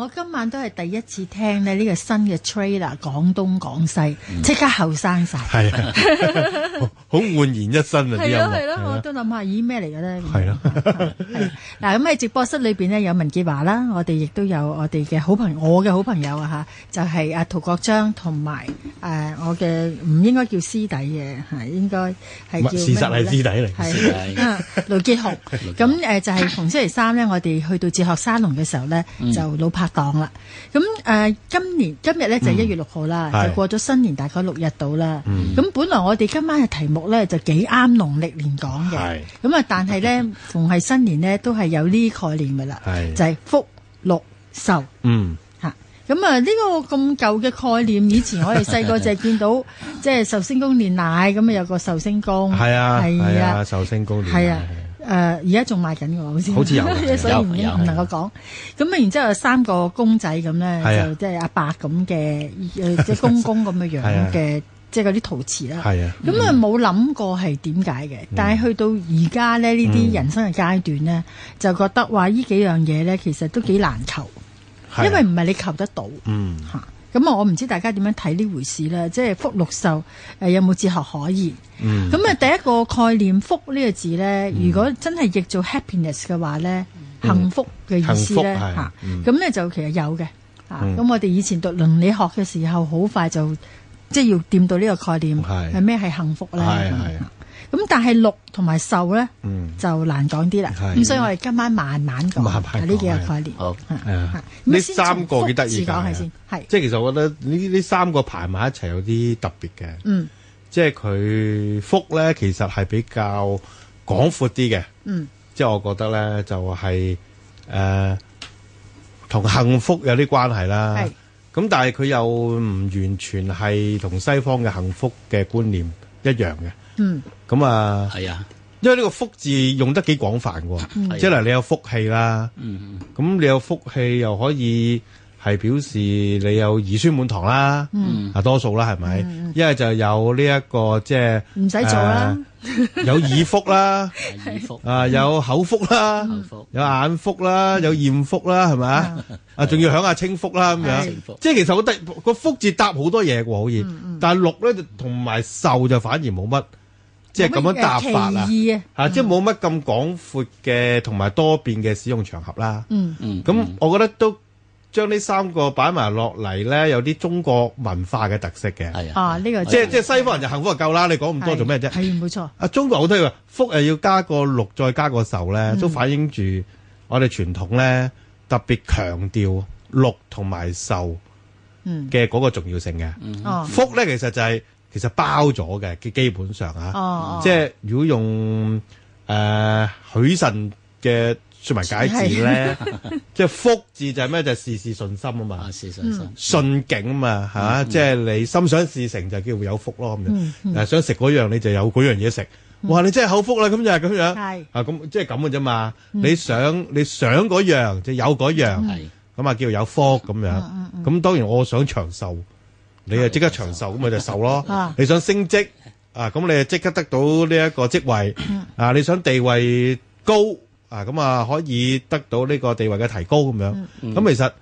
我今晚都係第一次聽咧呢個新嘅 trailer《講東講西》，即刻後生晒。係啊，好煥然一新啊！係咯係咯，我都諗下咦咩嚟嘅咧？係咯，嗱咁喺直播室裏邊呢，有文潔華啦，我哋亦都有我哋嘅好朋友，我嘅好朋友啊嚇，就係阿陶國璋同埋誒我嘅唔應該叫師弟嘅嚇，應該係叫咩咧？事實係師弟嚟，係啊，盧傑雄。咁誒就係逢星期三咧，我哋去到哲學沙龍嘅時候咧，就老拍。講啦，咁誒、呃，今年今日咧就一月六號啦，就，是嗯、就過咗新年，大概六日到啦。咁、嗯、本來我哋今晚嘅題目咧就幾啱農曆年講嘅，咁啊，但係咧逢係新年咧都係有呢啲概念噶啦，就係福祿壽。嗯，吓，咁啊呢個咁舊嘅概念，以前我哋細個就見到，即係壽星公年奶咁啊，有個壽星公。係啊，係啊，壽星公連奶。誒而家仲賣緊喎，好似有， 所以唔能夠講。咁啊的，然之後有三個公仔咁咧的、呃，就即係阿伯咁嘅，即係公公咁嘅樣嘅，即係嗰啲陶瓷啦。咁啊冇諗過係點解嘅，但係去到而家咧呢啲人生嘅階段咧，嗯、就覺得話呢幾樣嘢咧，其實都幾難求，的因為唔係你求得到，嗯嚇。咁啊，我唔知大家點樣睇呢回事啦，即係福祿壽誒有冇哲學可言？嗯，咁、嗯、啊，第、嗯、一、嗯嗯嗯嗯、個概念福呢個字咧，如果真係譯做 happiness 嘅話咧，幸福嘅意思咧嚇，咁咧就其實有嘅啊。咁我哋以前讀倫理學嘅時候，好快就即係要掂到呢個概念係咩係幸福咧。咁但係祿同埋壽咧，就難講啲啦。咁所以我哋今晚慢慢講呢幾個概念。好，呢三個幾得意講下先，係即係其實我覺得呢呢三個排埋一齊有啲特別嘅。嗯，即係佢福咧，其實係比較廣闊啲嘅。嗯，即係我覺得咧就係誒同幸福有啲關係啦。係咁，但係佢又唔完全係同西方嘅幸福嘅觀念一樣嘅。嗯，咁啊，係啊，因為呢個福字用得幾廣泛喎。即係嗱，你有福氣啦，咁你有福氣又可以係表示你有兒孫滿堂啦，啊，多數啦，係咪？因為就有呢一個即係唔使做啦，有耳福啦，啊，有口福啦，有眼福啦，有豔福啦，係咪啊？仲要享下清福啦，咁樣，即係其實我得個福字搭好多嘢喎，好易，但係祿咧同埋壽就反而冇乜。即係咁樣答法啊，即係冇乜咁廣闊嘅同埋多變嘅使用場合啦。嗯嗯，咁我覺得都將呢三個擺埋落嚟咧，有啲中國文化嘅特色嘅。係啊，呢個即係即係西方人就幸福就夠啦，你講咁多做咩啫？係冇錯。啊，中國好多話福誒要加個祿再加個壽咧，都反映住我哋傳統咧特別強調祿同埋壽嘅嗰個重要性嘅。哦，福咧其實就係。其實包咗嘅，基本上啊，即係如果用誒許慎嘅說文解字咧，即係福字就係咩？就係事事順心啊嘛，事事順心，順境啊嘛，係嘛？即係你心想事成就叫有福咯咁樣。想食嗰樣你就有嗰樣嘢食。哇，你真係口福啦，咁就係咁樣。係啊，咁即係咁嘅啫嘛。你想你想嗰樣就有嗰樣，咁啊叫有福咁樣。咁當然我想長壽。你就即刻長壽咁咪就壽咯！你想升職啊咁你就即刻得到呢一個職位啊！你想地位高啊咁啊可以得到呢個地位嘅提高咁樣咁其實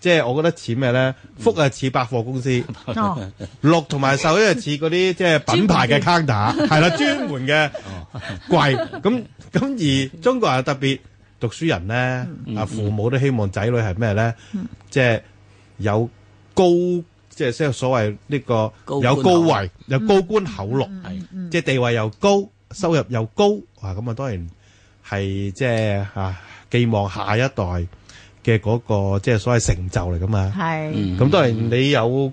即係、就是、我覺得似咩咧？福啊似百貨公司，祿同埋壽咧似嗰啲即係品牌嘅 counter 係啦，專門嘅櫃咁咁而中國人特別讀書人咧啊、嗯、父母都希望仔女係咩咧？即係、嗯、有高。即係即係所謂呢個有高位高，有高官厚祿，嗯、即係地位又高，收入又高，啊咁啊當然係即係啊寄望下一代嘅嗰、嗰個即係所謂成就嚟㗎嘛。咁係、嗯、當然你有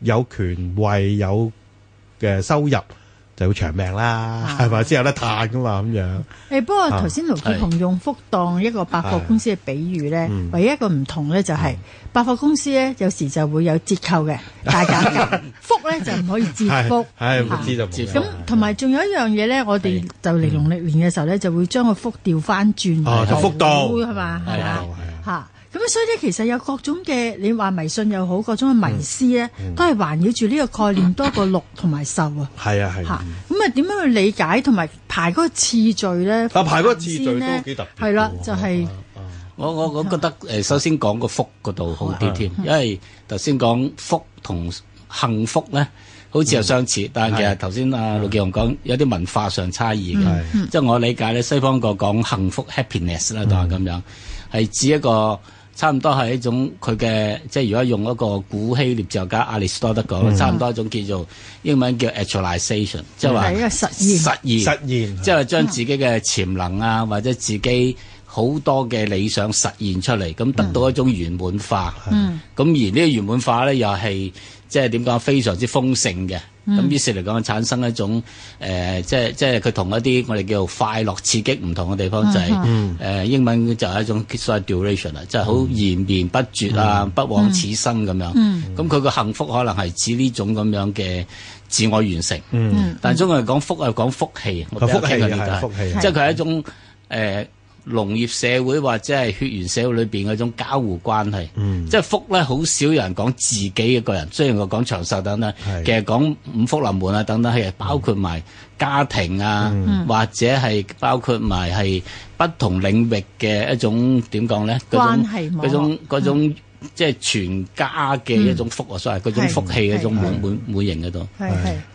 有權位有嘅收入。就會長命啦，係咪？先有得嘆噶嘛咁樣。誒，不過頭先盧傑雄用福當一個百貨公司嘅比喻咧，唯一一個唔同咧就係百貨公司咧，有時就會有折扣嘅大減價。福咧就唔可以折福。係知就唔。咁同埋仲有一樣嘢咧，我哋就嚟農曆年嘅時候咧，就會將個福調翻轉。哦，就福當係嘛？係啊，係啊，嚇。咁所以咧，其實有各種嘅，你話迷信又好，各種嘅迷思咧，都係環繞住呢個概念多過祿同埋壽啊。係啊，係吓。咁啊，點樣去理解同埋排嗰個次序咧？排嗰個次序都幾特別。係啦，就係我我我覺得誒，首先講個福嗰度好啲添，因為頭先講福同幸福咧，好似又相似，但係其實頭先阿盧傑雄講有啲文化上差異嘅，即係我理解咧，西方個講幸福 （happiness） 啦，都係咁樣，係指一個。差唔多係一種佢嘅，即係如果用一個古希臘哲學家阿里斯多德講，ological, 嗯、差唔多一種叫做英文叫 actualization 即係話實現，實現，實現，即係將自己嘅潛能啊，嗯、或者自己好多嘅理想實現出嚟，咁、嗯、得到一種圓滿化。嗯，咁而個原本呢個圓滿化咧，又係即係點講？非常之豐盛嘅。咁於是嚟講產生一種誒，即係即係佢同一啲我哋叫做快樂刺激唔同嘅地方，就係嗯誒，英文就係一種種叫 duration 啊，即係好延綿不絕啊，不枉此生咁樣。咁佢個幸福可能係指呢種咁樣嘅自我完成。嗯，但係中國人講福係講福氣，福氣佢理解，即係佢係一種誒。農業社會或者係血緣社會裏邊嗰種交互關係，即係福咧，好少有人講自己嘅個人，雖然我講長壽等等，其實講五福臨門啊等等，係包括埋家庭啊，或者係包括埋係不同領域嘅一種點講咧？關係網。嗰種嗰種。即係全家嘅一種福啊，所謂嗰種福氣嗰種滿滿滿型嗰度。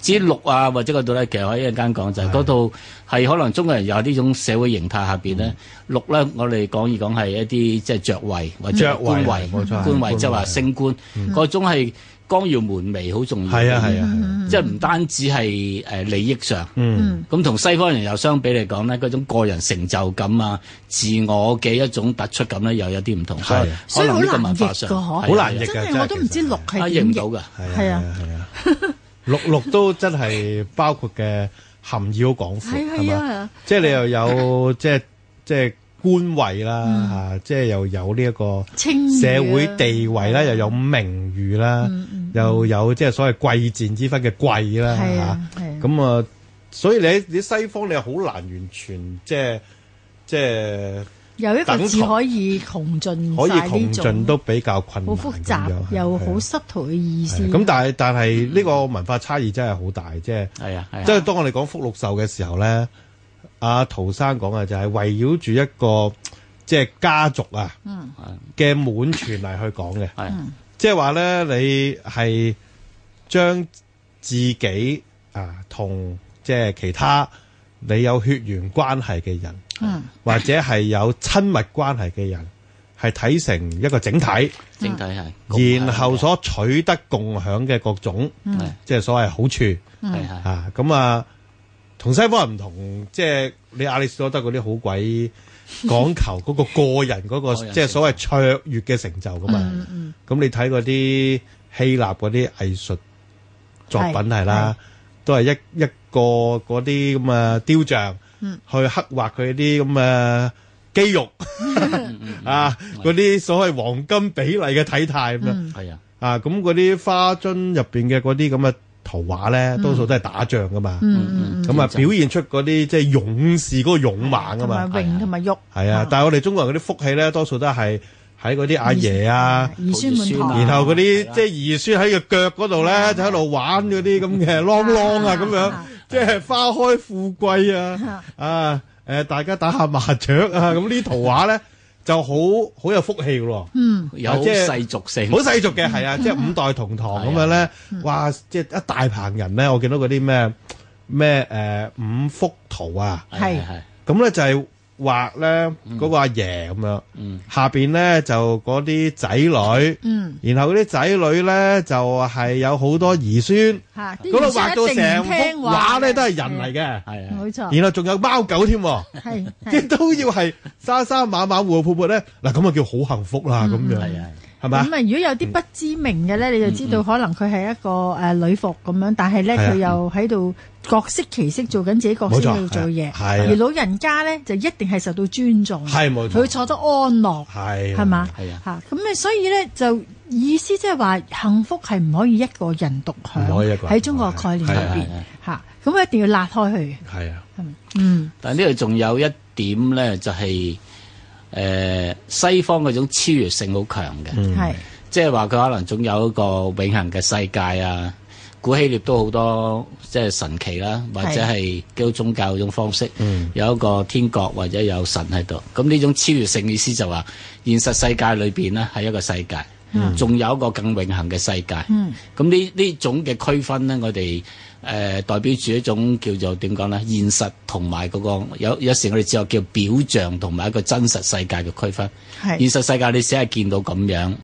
至於祿啊或者嗰度咧，其實可以一陣間講，就係嗰度係可能中國人有呢種社會形態下邊咧，祿咧我哋講義講係一啲即係爵位或者爵位，官位即係話升官嗰種係。光耀門楣好重要，係啊係啊，即係唔單止係誒利益上，咁同西方人又相比嚟講咧，嗰種個人成就感啊、自我嘅一種突出感咧，又有啲唔同，所以所以好難譯噶，可係真係我都唔知六係點譯，係啊係啊，六六都真係包括嘅含義好廣闊，係啊，即係你又有即係即係官位啦嚇，即係又有呢一個社會地位啦，又有名譽啦。又有即係所謂貴賤之分嘅貴啦嚇，咁啊，啊，啊，所以你喺啲西方你係好難完全即係即係有一個字可以窮盡，可以窮盡都比較困難，好複雜、啊、又好失途嘅意思。咁、啊啊、但係、嗯、但係呢個文化差異真係好大，即係即係當我哋講福祿壽嘅時候咧，阿、啊、陶生講嘅就係圍繞住一個即係家族的傳來的啊嘅滿傳嚟去講嘅。即係話咧，你係將自己啊同即係其他你有血緣關係嘅人，嗯、或者係有親密關係嘅人，係睇成一個整體。整體係，然後所取得共享嘅各種，嗯、即係所謂好處。係係、嗯嗯、啊，咁啊，同西方人唔同，即係你亞里士多德嗰啲好鬼。講求嗰個個人嗰個即係所謂卓越嘅成就噶嘛，咁你睇嗰啲希臘嗰啲藝術作品係啦，都係一一個嗰啲咁啊雕像，去刻畫佢啲咁嘅肌肉啊嗰啲所謂黃金比例嘅體態咁樣，係啊，啊咁嗰啲花樽入邊嘅嗰啲咁嘅。圖畫咧多數都係打仗噶嘛，咁啊表現出嗰啲即係勇士嗰個勇猛啊嘛，榮同埋喐，係啊！但係我哋中國人嗰啲福氣咧多數都係喺嗰啲阿爺啊，然後嗰啲即係兒孫喺個腳嗰度咧就喺度玩嗰啲咁嘅啷啷啊咁樣，即係花開富貴啊啊誒大家打下麻雀啊咁呢圖畫咧。又好好有福氣嘅、啊、嗯，有即係好世俗性，好、啊就是、世俗嘅係啊，即、就、係、是、五代同堂咁 樣咧，啊、哇！即、就、係、是、一大棚人咧，我見到嗰啲咩咩誒五福圖啊，係是，咁咧就係、是。畫咧嗰個阿爺咁樣，下邊咧就嗰啲仔女，嗯，然後嗰啲仔女咧就係有好多兒孫，嗰度畫到成幅畫咧都係人嚟嘅。係啊，然後仲有貓狗添，即係、嗯嗯、都要係沙沙馬馬活潑潑咧，嗱咁啊叫好幸福啦咁、嗯、樣。嗯咁啊，如果有啲不知名嘅咧，你就知道可能佢係一個誒女服咁樣，但係咧佢又喺度各色其色做緊自己角色要做嘢。係而老人家咧就一定係受到尊重。係冇錯，佢坐得安樂。係係嘛？係啊！嚇咁啊，所以咧就意思即係話幸福係唔可以一個人獨享，喺中國概念入邊嚇，咁啊一定要拉開佢。係啊。嗯。但係呢度仲有一點咧，就係。誒西方嗰種超越性好強嘅，係、嗯、即係話佢可能仲有一個永恆嘅世界啊。古希臘都好多即係神奇啦，或者係基督宗教嗰種方式，嗯、有一個天國或者有神喺度。咁呢種超越性意思就話現實世界裏邊咧係一個世界。嗯，仲有一個更永恒嘅世界，嗯，咁呢呢種嘅區分咧，我哋、誒、呃、代表住一種叫做點講咧，現實同埋、嗰個有有時我哋只有叫表象同埋一個真實世界嘅區分，係是現實世界你只係見到咁樣。